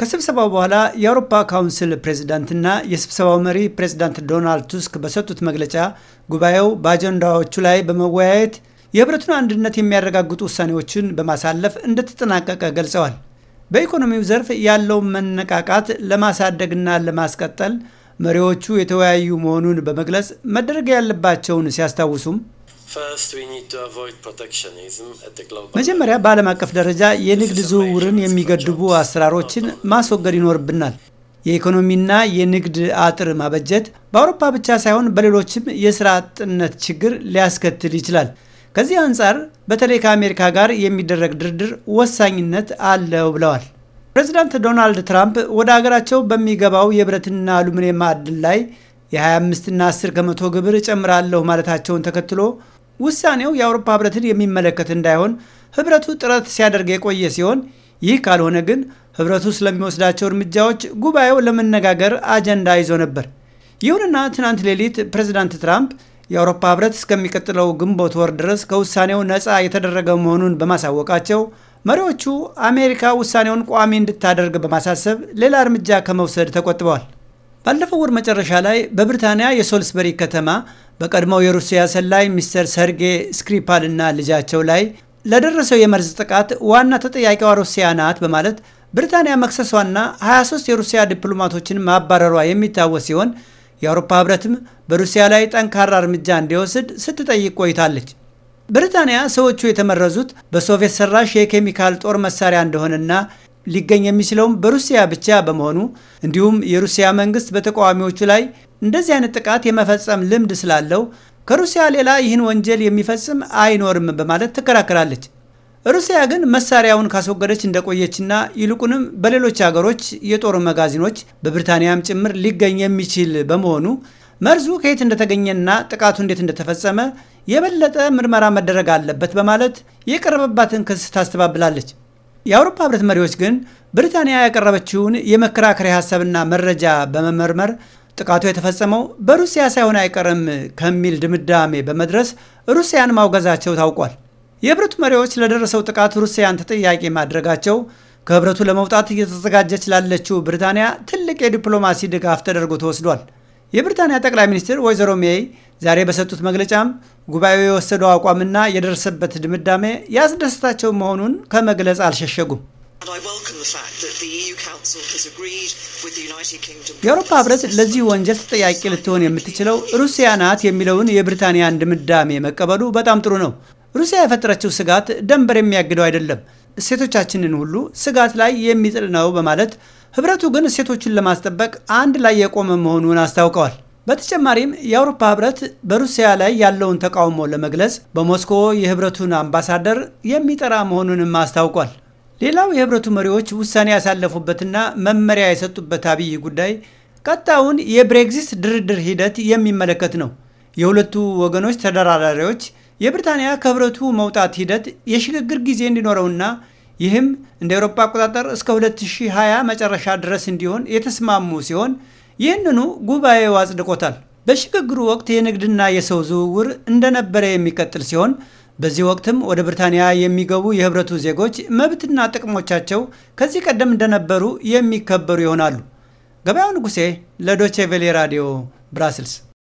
ከስብሰባው በኋላ የአውሮፓ ካውንስል ፕሬዚዳንትና የስብሰባው መሪ ፕሬዚዳንት ዶናልድ ቱስክ በሰጡት መግለጫ ጉባኤው በአጀንዳዎቹ ላይ በመወያየት የህብረቱን አንድነት የሚያረጋግጡ ውሳኔዎችን በማሳለፍ እንደተጠናቀቀ ገልጸዋል። በኢኮኖሚው ዘርፍ ያለውን መነቃቃት ለማሳደግና ለማስቀጠል መሪዎቹ የተወያዩ መሆኑን በመግለጽ መደረግ ያለባቸውን ሲያስታውሱም መጀመሪያ በዓለም አቀፍ ደረጃ የንግድ ዝውውርን የሚገድቡ አሰራሮችን ማስወገድ ይኖርብናል። የኢኮኖሚና የንግድ አጥር ማበጀት በአውሮፓ ብቻ ሳይሆን በሌሎችም የስራ አጥነት ችግር ሊያስከትል ይችላል። ከዚህ አንጻር በተለይ ከአሜሪካ ጋር የሚደረግ ድርድር ወሳኝነት አለው ብለዋል። ፕሬዚዳንት ዶናልድ ትራምፕ ወደ አገራቸው በሚገባው የብረትና አሉሚኒየም ማዕድን ላይ የ25ና 10 ከመቶ ግብር እጨምራለሁ ማለታቸውን ተከትሎ ውሳኔው የአውሮፓ ህብረትን የሚመለከት እንዳይሆን ህብረቱ ጥረት ሲያደርግ የቆየ ሲሆን ይህ ካልሆነ ግን ህብረቱ ስለሚወስዳቸው እርምጃዎች ጉባኤው ለመነጋገር አጀንዳ ይዞ ነበር። ይሁንና ትናንት ሌሊት ፕሬዚዳንት ትራምፕ የአውሮፓ ህብረት እስከሚቀጥለው ግንቦት ወር ድረስ ከውሳኔው ነፃ የተደረገ መሆኑን በማሳወቃቸው መሪዎቹ አሜሪካ ውሳኔውን ቋሚ እንድታደርግ በማሳሰብ ሌላ እርምጃ ከመውሰድ ተቆጥበዋል። ባለፈው ወር መጨረሻ ላይ በብሪታንያ የሶልስበሪ ከተማ በቀድሞው የሩሲያ ሰላይ ሚስተር ሰርጌ ስክሪፓል እና ልጃቸው ላይ ለደረሰው የመርዝ ጥቃት ዋና ተጠያቂዋ ሩሲያ ናት በማለት ብሪታንያ መክሰሷና 23 የሩሲያ ዲፕሎማቶችን ማባረሯ የሚታወስ ሲሆን የአውሮፓ ህብረትም በሩሲያ ላይ ጠንካራ እርምጃ እንዲወስድ ስትጠይቅ ቆይታለች። ብሪታንያ ሰዎቹ የተመረዙት በሶቪየት ሰራሽ የኬሚካል ጦር መሳሪያ እንደሆነና ሊገኝ የሚችለውም በሩሲያ ብቻ በመሆኑ እንዲሁም የሩሲያ መንግስት በተቃዋሚዎቹ ላይ እንደዚህ አይነት ጥቃት የመፈጸም ልምድ ስላለው ከሩሲያ ሌላ ይህን ወንጀል የሚፈጽም አይኖርም በማለት ትከራከራለች። ሩሲያ ግን መሳሪያውን ካስወገደች እንደቆየችና ይልቁንም በሌሎች አገሮች የጦር መጋዚኖች በብሪታንያም ጭምር ሊገኝ የሚችል በመሆኑ መርዙ ከየት እንደተገኘና ጥቃቱ እንዴት እንደተፈጸመ የበለጠ ምርመራ መደረግ አለበት በማለት የቀረበባትን ክስ ታስተባብላለች። የአውሮፓ ህብረት መሪዎች ግን ብሪታንያ ያቀረበችውን የመከራከሪያ ሀሳብና መረጃ በመመርመር ጥቃቱ የተፈጸመው በሩሲያ ሳይሆን አይቀርም ከሚል ድምዳሜ በመድረስ ሩሲያን ማውገዛቸው ታውቋል። የህብረቱ መሪዎች ለደረሰው ጥቃት ሩሲያን ተጠያቂ ማድረጋቸው ከህብረቱ ለመውጣት እየተዘጋጀች ላለችው ብሪታንያ ትልቅ የዲፕሎማሲ ድጋፍ ተደርጎ ተወስዷል። የብሪታንያ ጠቅላይ ሚኒስትር ወይዘሮ ሜይ ዛሬ በሰጡት መግለጫም ጉባኤው የወሰደው አቋምና የደረሰበት ድምዳሜ ያስደስታቸው መሆኑን ከመግለጽ አልሸሸጉም። e የአውሮፓ ህብረት ለዚህ ወንጀል ተጠያቂ ልትሆን የምትችለው ሩሲያ ናት የሚለውን የብሪታንያን ድምዳሜ መቀበሉ በጣም ጥሩ ነው። ሩሲያ የፈጠረችው ስጋት ደንበር የሚያግደው አይደለም፣ እሴቶቻችንን ሁሉ ስጋት ላይ የሚጥል ነው በማለት ህብረቱ ግን እሴቶቹን ለማስጠበቅ አንድ ላይ የቆመ መሆኑን አስታውቀዋል። በተጨማሪም የአውሮፓ ህብረት በሩሲያ ላይ ያለውን ተቃውሞ ለመግለጽ በሞስኮ የህብረቱን አምባሳደር የሚጠራ መሆኑንም አስታውቋል። ሌላው የህብረቱ መሪዎች ውሳኔ ያሳለፉበትና መመሪያ የሰጡበት አብይ ጉዳይ ቀጣውን የብሬግዚት ድርድር ሂደት የሚመለከት ነው። የሁለቱ ወገኖች ተደራዳሪዎች የብሪታንያ ከህብረቱ መውጣት ሂደት የሽግግር ጊዜ እንዲኖረውና ይህም እንደ አውሮፓ አቆጣጠር እስከ 2020 መጨረሻ ድረስ እንዲሆን የተስማሙ ሲሆን ይህንኑ ጉባኤው አጽድቆታል። በሽግግሩ ወቅት የንግድና የሰው ዝውውር እንደነበረ የሚቀጥል ሲሆን በዚህ ወቅትም ወደ ብሪታንያ የሚገቡ የህብረቱ ዜጎች መብትና ጥቅሞቻቸው ከዚህ ቀደም እንደነበሩ የሚከበሩ ይሆናሉ። ገበያው ንጉሴ ለዶቼ ቬሌ ራዲዮ ብራስልስ